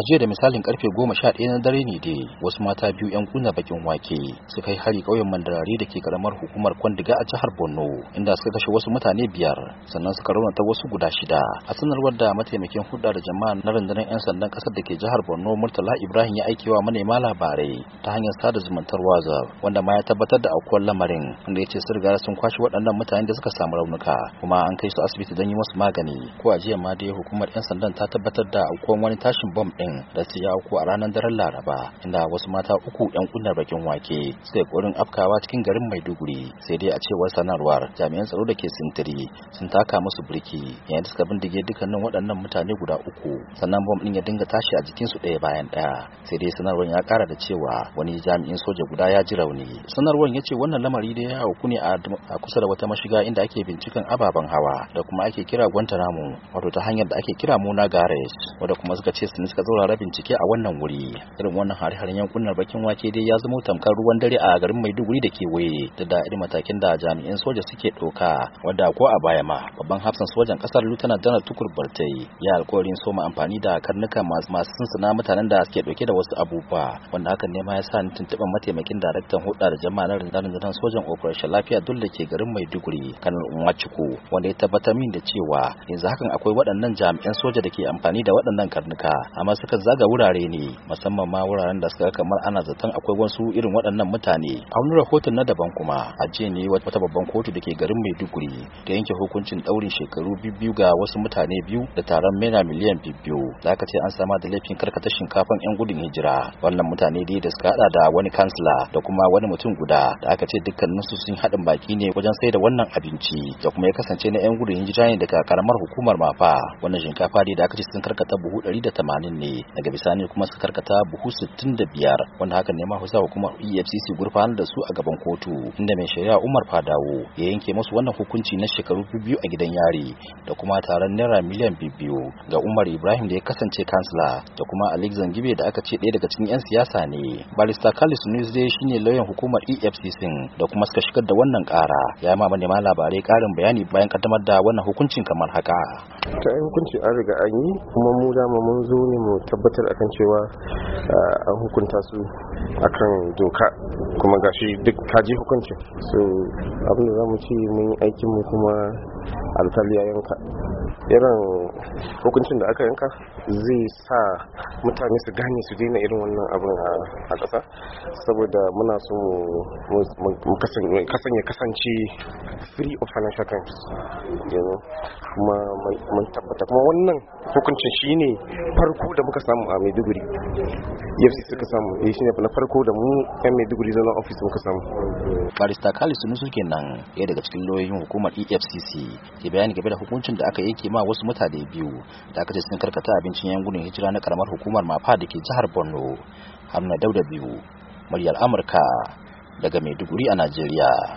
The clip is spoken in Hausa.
a jiya da misalin karfe goma sha ɗaya na dare ne dai wasu mata biyu yan kuna bakin wake suka kai hari kauyen mandarari da ke karamar hukumar kwandiga a jihar borno inda suka kashe wasu mutane biyar sannan suka raunata wasu guda shida a sanarwar da mataimakin hudda da jama'a na rundunar yan sandan ƙasar da ke jihar borno murtala ibrahim ya aikewa manema labarai ta hanyar sada zumuntar waza, wanda ma ya tabbatar da aukuwar lamarin inda ya ce sun riga sun kwashe waɗannan mutane da suka samu raunuka kuma an kai su asibiti don yi musu magani ko a jiya ma dai hukumar yan sandan ta tabbatar da aukuwar wani tashin bom ɗin harin da su ya a ranar daren laraba inda wasu mata uku yan kunnar bakin wake suka korin afkawa cikin garin maiduguri sai dai a cewar sanarwar jami'an tsaro da ke sintiri sun taka musu birki yayin da suka bindige dukkanin waɗannan mutane guda uku sannan bom ɗin ya dinga tashi a jikinsu ɗaya bayan ɗaya sai dai sanarwar ya ƙara da cewa wani jami'in soja guda ya ji rauni sanarwar ya ce wannan lamari da ya hauku ne a kusa da wata mashiga inda ake binciken ababen hawa da kuma ake kira guantanamo wato ta hanyar da ake kira muna gares wadda kuma suka ce suka da bincike a wannan wuri irin wannan hare-haren yankunan bakin wake dai ya zama tamkar ruwan dare a garin maiduguri da waye da da irin matakin da jami'in soja suke ɗauka wadda ko a baya ma babban hafsan sojan kasar lieutenant dana tukur bartai ya alkawarin soma amfani da karnuka masu sunsuna mutanen da suke dauke da wasu abubuwa wanda hakan ne ma ya sa ni tuntuɓar mataimakin daraktan hulɗa da jama'a na rundunar sojan operation lafiya da ke garin maiduguri kanar umachiku wanda ya tabbatar min da cewa yanzu hakan akwai waɗannan jami'an soja da ke amfani da waɗannan karnuka a suka zaga wurare ne musamman ma wuraren da suka kamar ana zaton akwai wasu irin waɗannan mutane a wani rahoton na daban kuma a jiya ne wata babban kotu da ke garin maiduguri da yanke hukuncin ɗaurin shekaru biyu ga wasu mutane biyu da taron mena miliyan biyu da aka ce an samar da laifin karkata shinkafan yan gudun hijira wannan mutane dai da suka hada da wani kansila da kuma wani mutum guda da aka ce dukkaninsu sun haɗin baki ne wajen sai da wannan abinci da kuma ya kasance na yan gudun hijira ne daga karamar hukumar mafa wannan shinkafa dai da aka ce sun karkata buhu ɗari ne ne daga bisani kuma suka karkata buhu 65 wanda haka ne ma husa hukumar EFCC gurfanar da su a gaban kotu inda mai shari'a Umar Fadawo ya yanke musu wannan hukunci na shekaru biyu a gidan yari da kuma taron naira miliyan biyu ga Umar Ibrahim da ya kasance kansila da kuma Alex Zangibe da aka ce ɗaya daga cikin 'yan siyasa ne barista Kalis News dai shine lauyan hukumar EFCC da kuma suka shigar da wannan kara ya ma manema labarai karin bayani bayan kaddamar da wannan hukuncin kamar haka ta hukunci an riga an yi kuma mu dama mun zo ne mu tabbatar akan cewa uh, an hukunta su akan doka kuma gashi duk kaji hukuncin so abin za mu ci mun yi aikinmu kuma alkali ya yanka irin hukuncin da aka yanka zai sa mutane su gane su daina irin wannan abin a ƙasa saboda muna so mu kasance kasance free of financial crimes kuma mun tabbata kuma wannan hukuncin shi ne farko da muka samu a maiduguri efcc suka samu e, shi ne na farko da mu yan maiduguri zanen ofis muka samu barista kalisu nusu kenan ya daga cikin lauyoyin hukumar efcc ke bayani game da hukuncin da aka yanke ma wasu mutane biyu da aka ce sun karkata abincin yan gudun hijira na karamar hukumar mafa da ke jihar borno hamna dauda biyu muryar amurka daga maiduguri a najeriya